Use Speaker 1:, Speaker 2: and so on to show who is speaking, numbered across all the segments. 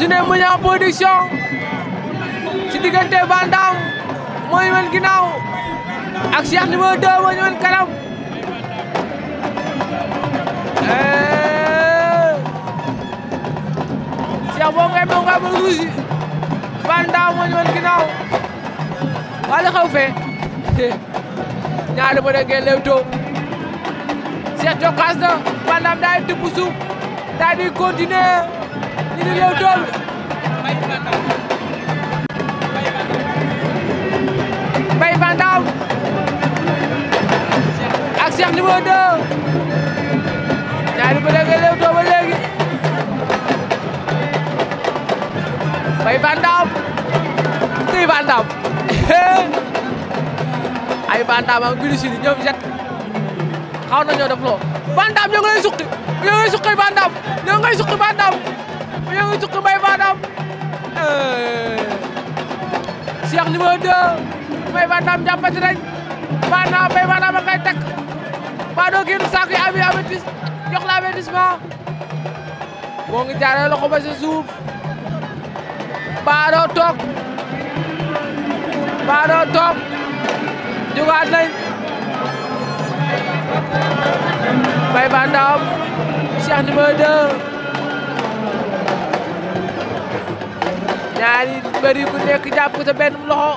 Speaker 1: Junior Mounia production ci diggante Van Dam moo ñu leen ginnaaw ak Cheikh numéro 2 moo ñu leen kanam eh. Cheikh boo ngay moo nga ba ruusi Van Dam moo ñu leen ginnaaw ñaari ma ne ngeen lew too Cheikh jokkaas na Van Dam daay tibb suuf ñu ngi yow tool Mbaye Fandaaw ak Cheikh numéro 2 ñaari bële nga lew too ba léegi Mbaye Fandaaw kuy ay Fandaaw ak Gris Gris ñoom jet xaw nañoo def loo Fandaaw ñoo ngi lay suqi ñoo ngi Matam jàppati nañ Matam Mbaye Matam a ngay takk Pato génn saako yi ami avertis jox la avertissement moo ngi jaaree loxo ba sa suuf Pato toog Pato toog jugaat nañ Mbaye Matam Cheikh numéro 2 ñaari mbër yi ku nekk jàpp ko sa benn loxo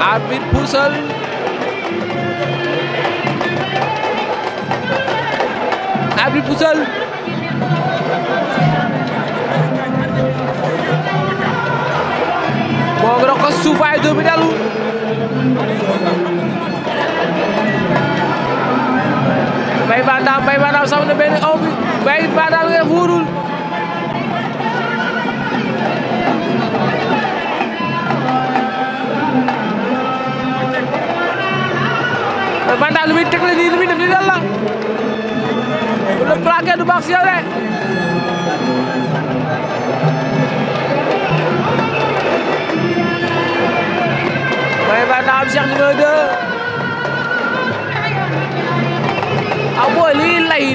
Speaker 1: arbitre puusal arbitre puusal dalu li muy tegle nii li muy def nii bu la plaqué du baax si yow de mooy ba na am Cheikh ah,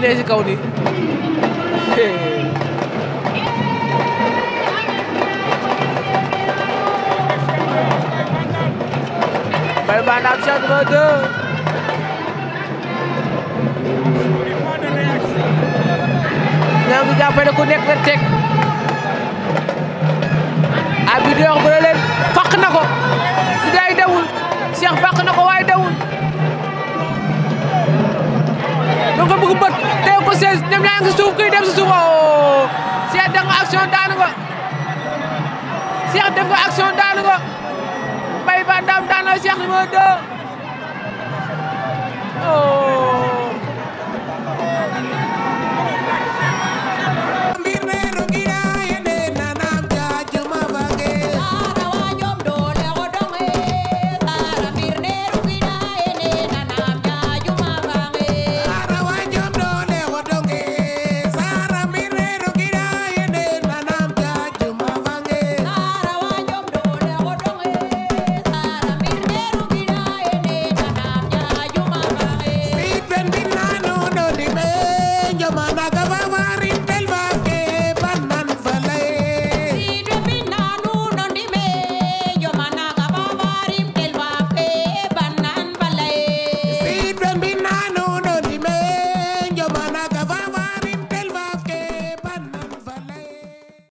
Speaker 1: ne si kaw nii Bay Ba Ndam Cheikh jàppee ne ku nekk na teg abi di dawul Cheikh fàq na ko waaye dawul da nga ko bëgg bët tey ko sees ñoom ñaa ngi suuf kuy dem si oo oh. Cheikh def nga action daanu nga Cheikh def nga action daanu nga Mbaye Van Dam daanu